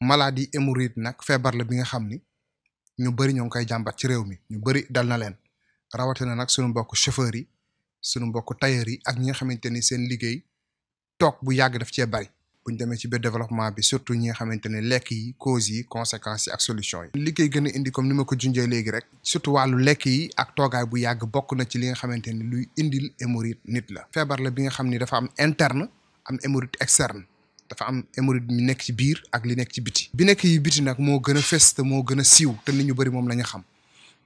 maladie hémorroïde nag feebar la bi nga xam ni ñu bëri ñoo ngi koy jàmbat ci réew mi ñu bëri dal na leen rawatina nag suñu mbokk chauffeur yi sunu mbokku tailleur yi ak ñi nga xamante ni seen liggéey toog bu yàgg daf cee bari bu ñu demee ci biir développement bi surtout ñi nga xamante ne lekk yi causes yi conséquence yi ak solution yi. liggéey koy indi comme ni ma ko junjee léegi rek. surtout wàllu lekk yi ak toogaay bu yàgg bokk na ci li nga xamante ni luy indil hémorroïde nit la. feebar bi nga xam ni dafa am interne am hémorroïde externe. dafa am hémorroïde bi nekk ci biir ak li nekk ci biti. bi nekk yi biti nag moo gën a fes moo gën a siiw te nit ñu bëri moom la ñu xam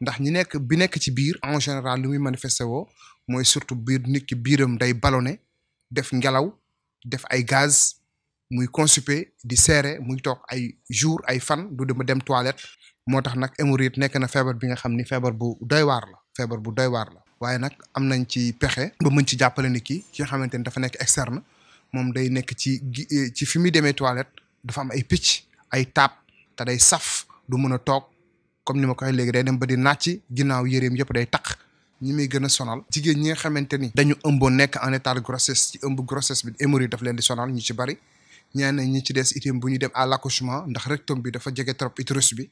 ndax ñi nekk bi nekk ci biir en général lu muy manifester woo mooy surtout biir nit ki biiram day ballonné def ngelaw def ay gaz muy constipé di seere muy toog ay jour ay fan du dama dem toilette. moo tax nag hémorroïde nekk na feebar bi nga xam ni feebar bu doy waar la feebar bu doy waar la waaye nag am nañ ci pexe ba mën ci jàppale nit ki ki xamante ni dafa nekk externe moom day nekk ci eh, ci fi muy demee toilette dafa am ay picc ay taab te day saf du mën a toog comme ni ma koy léegi day dem ba di nàcc ginnaaw yëreem yëpp day taq ñi muy gën a sonal jigéen ñi nga xamante ni dañu ëmboo nekk en état de grossesse ci ëmb grossesse bi hémorroïde daf leen di sonal ñu ci bari ñaan ñi ci des itam bu ñu dem à l'accouchement ndax rectum bi dafa jege trop utérus bi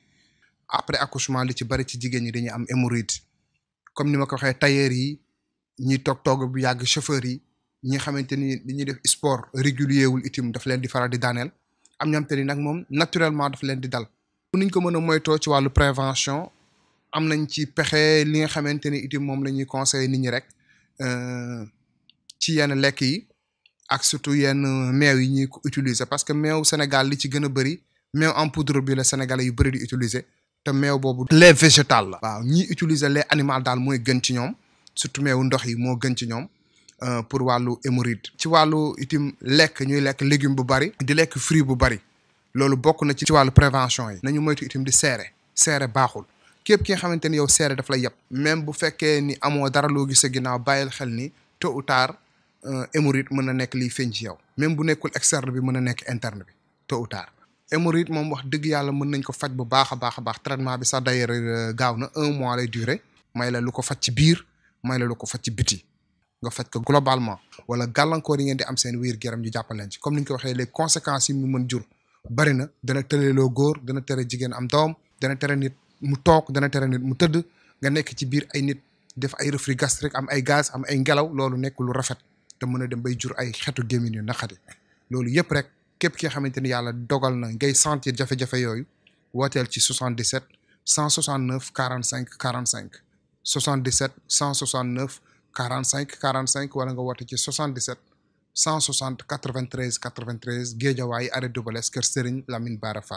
après accouchement li ci bari ci jigéen ñi dañuy am hémorroïde comme ni ma ko waxee tailleur yi ñiy toog toog bu yàgg chauffeur yi ñi xamante ni dañuy def sport régulier wul itam daf leen di faral di daaneel am ñoo xamante ni nag moom naturellement daf leen di dal. pour niñ ko mën a moytoo ci wàllu prévention am nañ ci pexe li nga xamante ni itam moom la ñuy conseillé nit ñi rek euh, ci yenn lekk yi ak surtout yenn meew yi ñuy ko utiliser parce que meew Sénégal li ci gën a bëri meew en poudre bi la Sénégalais yu bëri di utiliser te meew boobu. lait végétal la. waaw ñiy utiliser le animal daal mooy gën ci ñoom surtout meewu ndox yi moo gën ci ñoom. Euh, pour wàllu émoride ci wàllu itim lekk ñuy lekk légume bu bari di lekk fruit bu bari loolu bokk na ci wàllu prévention yi nañu moytu itim di seere seere baaxul képp ki nga xamante ni yow seere daf lay yàpp même bu fekkee ni amoo dara loo gis ginaaw bàyyil xel ni te ou tard euh, mën na nekk liy feeñ ci yow même bu nekkul externe bi mën na nekk interne bi tôt ou émoride moom wax dëgg yàlla mën nañ ko faj bu baax a baax a baax traitement bi sax d'ailleurs euh, gaaw na mois lay durer may la lu ko faj ci biir may ko faj ci biti nga faj ko globalement wala gàllankoor yi ngeen di am seen wiir gu yaram ñu jàppal leen ci comme ni ñu ko waxee les yi mu mën jur bari na dana tëreloo góor dana tere jigéen am doom dana tere nit mu toog dana tere nit mu tëdd nga nekk ci biir ay nit def ay reflux gastrique am ay gaz am ay ngelaw loolu nekk lu rafet te mën a dem bay jur ay xeetu gémmiñ yu naqari loolu yëpp rek képp ki nga xamante ni yàlla dogal na ngay sentir jafe-jafe yooyu wooteel ci 77 169 45 45 77 169 45 45 wala nga woote ci 77 160 93 93 Géejawaay arrêt Dubalès Kër la min Bara Fall